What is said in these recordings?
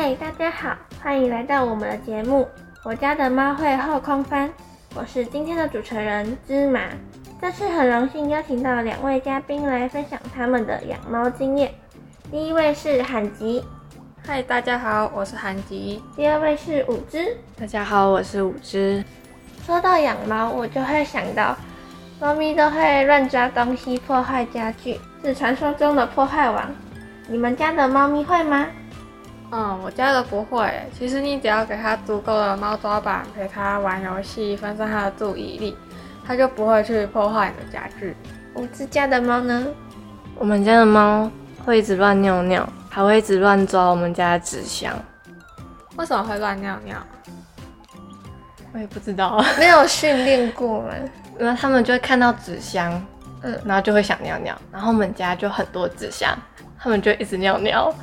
嗨，大家好，歡迎來到我們的節目。我家的貓會後空翻，我是今天的主持人芝麻。這次很榮幸邀請到兩位嘉賓來分享他們的養貓經驗。第一位是韓吉，嗨，大家好，我是韓吉。第二位是五隻，大家好，我是五隻。說到養貓，我就會想到，貓咪都會亂抓東西，破壞家具，是傳說中的破壞王。你們家的貓咪會嗎？嗯，我家的不會。其實你只要給它足夠的貓抓板，陪它玩遊戲，分散它的注意力，它就不會去破壞你的家具。我們家的貓呢？我們家的貓會一直亂尿尿，還會一直亂抓我們家的紙箱。為什麼會亂尿尿？我也不知道， 沒有訓練過。然後他們就會看到紙箱，然後就會想尿尿。然後我們家就很多紙箱，他們就一直尿尿。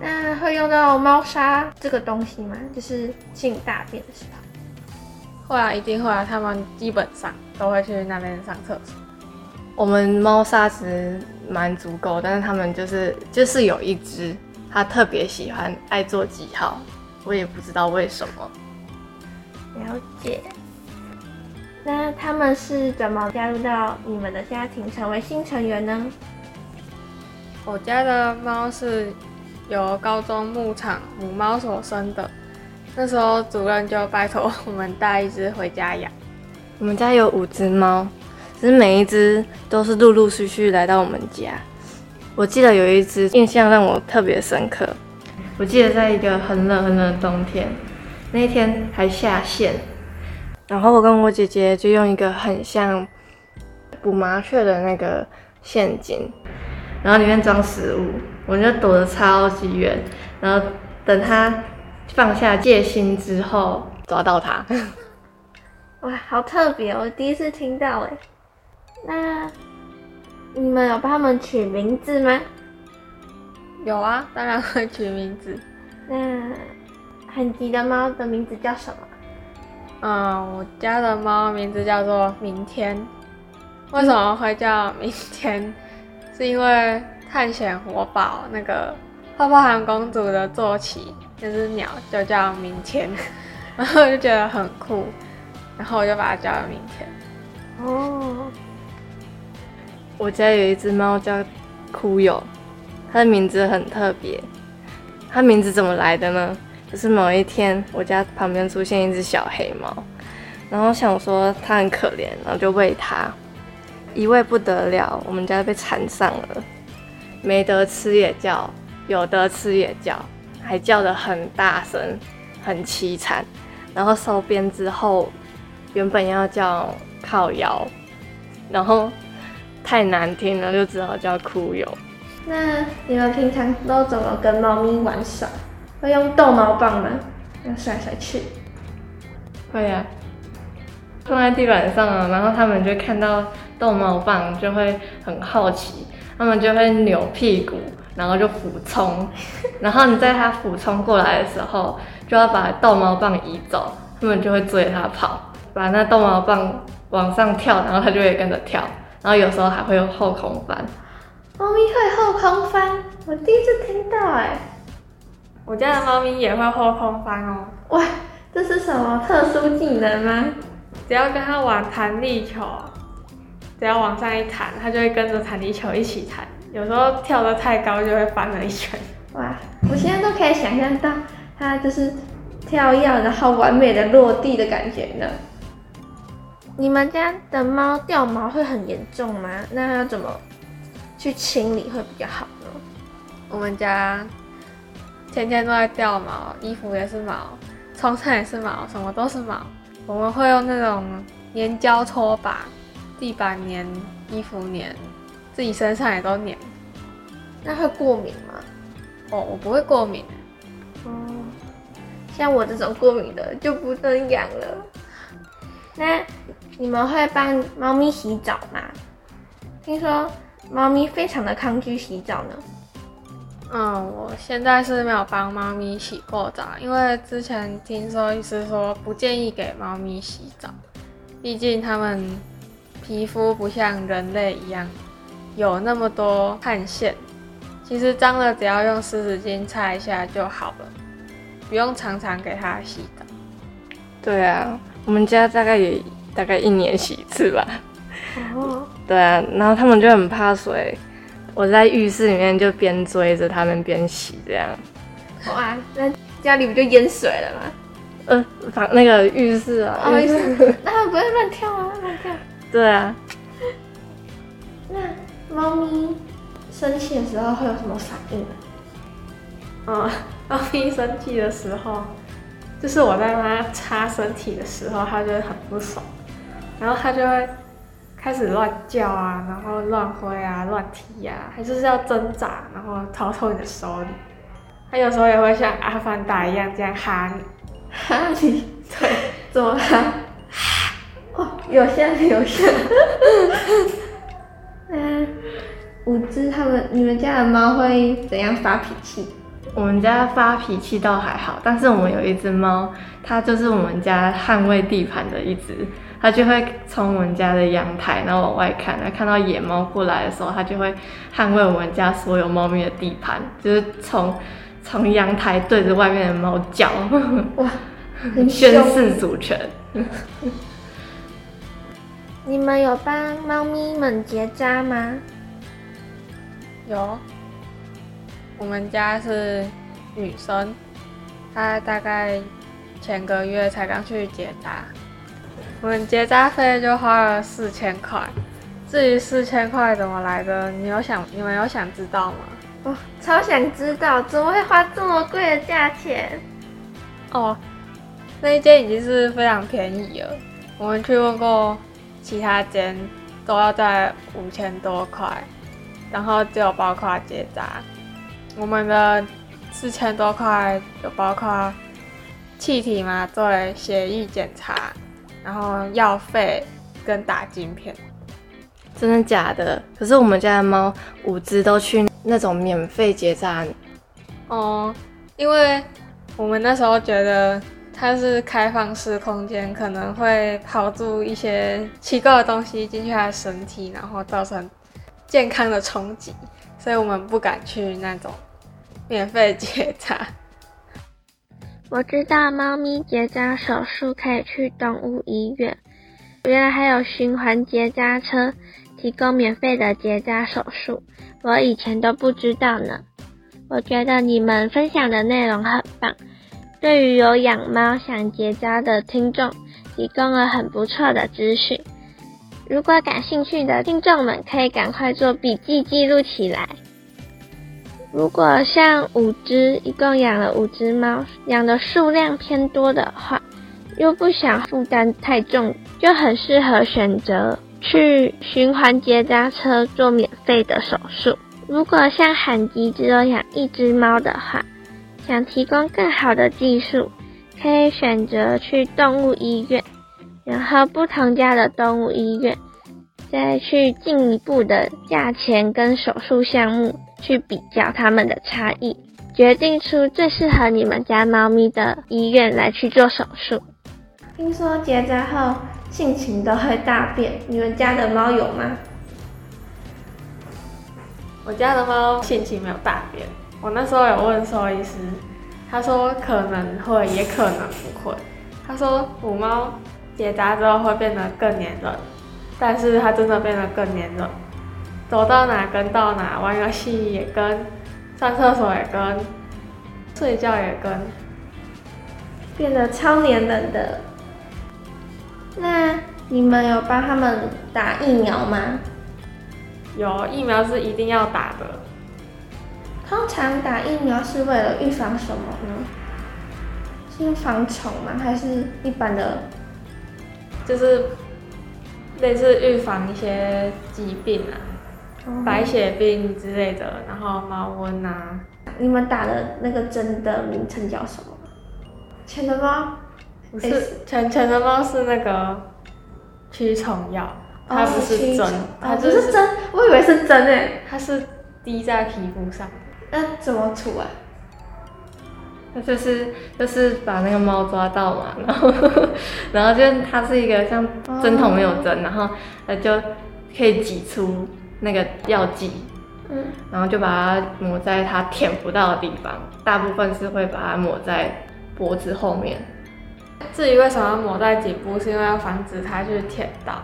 那會用到貓砂這個東西嗎？就是進大便的時候會啊，一定會啊。他們基本上都會去那邊上廁所。我們貓砂其實蠻足夠，但是他們就是就是有一只，它特別喜歡愛做記號，我也不知道為什麼。了解。那他們是怎麼加入到你們的家庭，成為新成員呢？我家的貓是。由高中牧場母貓所生的，那時候主任就拜託我們帶一隻回家養。我們家有五隻貓，只是每一隻都是陸陸續續來到我們家。我記得有一隻印象讓我特別深刻，我記得在一個很冷很冷的冬天，那一天還下雪。然後我跟我姐姐就用一個很像捕麻雀的那個陷阱。然後裡面裝食物，我就躲得超級遠。然後等它放下戒心之後，抓到它。哇，好特別哦！我第一次聽到哎，那你們有幫他們取名字嗎？有啊，當然會取名字。那很急的貓的名字叫什麼？嗯，我家的貓名字叫做明天。為什麼會叫明天？嗯是因為探險活寶那個泡泡糖公主的坐騎，那隻鳥就叫明天，然後我就覺得很酷，然後我就把它叫了明天。哦，我家有一隻貓叫酷友，它的名字很特別，它名字怎麼來的呢？就是某一天我家旁邊出現一隻小黑貓，然後想說它很可憐，然後就餵它。一位不得了，我們家被纏上了，沒得吃也叫，有得吃也叫，還叫得很大聲，很悽慘。然後收編之後，原本要叫靠腰，然後太難聽了，就只好叫哭搖。那你們平常都怎麼跟貓咪玩耍？會用逗貓棒嗎？用甩甩去？會呀，啊，放在地板上啊，然後他們就看到，逗貓棒就會很好奇，他們就會扭屁股，然後就俯沖，然後你在它俯沖過來的時候，就要把逗貓棒移走，他們就會追它跑，把那逗貓棒往上跳，然後它就會跟着跳，然後有時候還會有後空翻。貓咪會後空翻？我第一次聽到誒、欸。我家的貓咪也會後空翻哦。餵，這是什麼特殊技能嗎？ 只要跟它玩彈力球啊。只要往上一彈，它就會跟着彈力球一起彈。有時候跳得太高，就會翻了一圈。哇，我現在都可以想象到，它就是跳躍然後完美的落地的感覺呢。嗯。你們家的貓掉毛會很嚴重嗎？那要怎麼去清理會比較好呢？我們家天天都在掉毛，衣服也是毛，床上也是毛，什麼都是毛。我們會用那種粘膠拖把。地板粘，衣服粘，自己身上也都粘。那會過敏嗎？哦，我不會過敏。哦、嗯，像我這種過敏的就不能養了。那你們會幫貓咪洗澡嗎？聽說貓咪非常的抗拒洗澡呢。嗯，我現在是沒有幫貓咪洗過澡，因為之前聽說醫師說不建議給貓咪洗澡，畢竟他們。皮膚不像人類一樣有那麼多汗腺，其實髒了只要用濕紙巾擦一下就好了，不用常常給它洗澡。對啊，我們家大概也大概一年洗一次吧。哦、oh.。對啊，然後他們就很怕水，我在浴室裡面就邊追着他們邊洗，這樣。哇、oh, 啊，那家裡不就淹水了嗎？呃，房那個浴室啊。不好意思， 那他們不會亂跳啊？對啊，那貓咪生氣的時候會有什麼反應？嗯，貓咪生氣的時候，就是我在幫它擦身體的時候，它就會很不爽，然後它就會開始亂叫啊，然後亂揮啊，亂踢啊，還就是要掙扎，然後逃脫你的手裡。它有時候也會像阿凡達一樣這樣哈你，哈你，怎怎麼啦？ 哦、有限有限。 嗯，五只他們你們家的貓會怎樣發脾氣？我們家發脾氣倒還好，但是我們有一隻貓，它就是我們家捍衛地盤的一隻，它就會從我們家的陽台，然後往外看，看到野貓過來的時候，它就會捍衛我們家所有貓咪的地盤，就是從從陽台對着外面的貓叫，哇，很兇耶。宣示主權。 你們有幫貓咪們結紮嗎？有，我們家是女生，她大概前個月才剛去結紮，我們結紮費就花了四千塊。至於四千塊怎麼來的，你有想你們有想知道嗎？我、哦、超想知道，怎麼會花這麼貴的價錢？哦，那一間已經是非常便宜了，我們去問過。其他間都要在五千多塊，然後就包括結紮。我們的四千多塊就包括氣體嘛，做了血液檢查，然後藥費跟打晶片。真的假的？可是我們家的貓五隻都去那種免費結紮。哦、嗯，因為我們那時候覺得。它是開放式空間，可能會跑住一些奇怪的東西進去它的身體，然後造成健康的衝擊，所以我們不敢去那種免費結紮。我知道貓咪結紮手術可以去動物醫院，原來還有循環結扎車提供免費的結紮手術，我以前都不知道呢。我覺得你們分享的內容很棒。對於有養貓想結紮的聽眾，提供了很不錯的資訊。如果感興趣的聽眾們，可以趕快做筆記記錄起來。如果像五只，一共養了五只貓，養的數量偏多的話，又不想負擔太重，就很適合選擇去循環結紮車做免費的手術。如果像番薯只有養一只貓的話，想提供更好的技術，可以選擇去動物醫院，然後不同家的動物醫院，再去進一步的價錢跟手術項目去比較它們的差異，決定出最適合你們家貓咪的醫院來去做手術。聽說結紮後性情都會大變，你們家的貓有嗎？我家的貓性情沒有大變。我那時候有問獸醫師，他說可能會，也可能不會。他說母貓結紮之後會變得更粘人，但是它真的變得更粘人，走到哪跟到哪，玩遊戲也跟，上廁所也跟，睡覺也跟，變得超粘人的。那你們有幫他們打疫苗嗎？有，疫苗是一定要打的。通常打疫苗是為了預防什麼呢？是預防蟲嗎？還是一般的？就是類似預防一些疾病啊，哦、白血病之類的，然後貓瘟啊。你們打的那個針的名稱叫什麼？錢的貓？不是錢錢的貓是那個驅蟲藥，它不是針、哦，它不是針、哦，我以為是針誒。它是滴在皮膚上。那、啊、怎麼處啊？那就是就是把那個貓抓到嘛，然後 然後就它是一個像針筒沒有針，oh, okay. 然後呃就可以擠出那個藥劑，嗯，然後就把它抹在它舔不到的地方，大部分是會把它抹在脖子後面。至於為什麼要抹在頸部，是因為要防止它去舔到，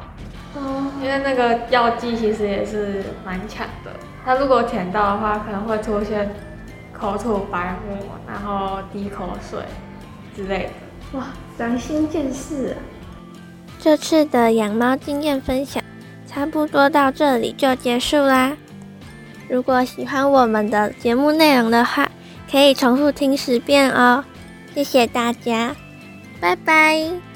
哦、oh.，因為那個藥劑其實也是蠻強的。.它如果舔到的話，可能會出現口吐白沫，然後滴口水之類的。哇，良新見識！這次的養貓經驗分享差不多到這裡就結束啦。如果喜歡我們的節目內容的話，可以重複聽十遍哦。謝謝大家，拜拜。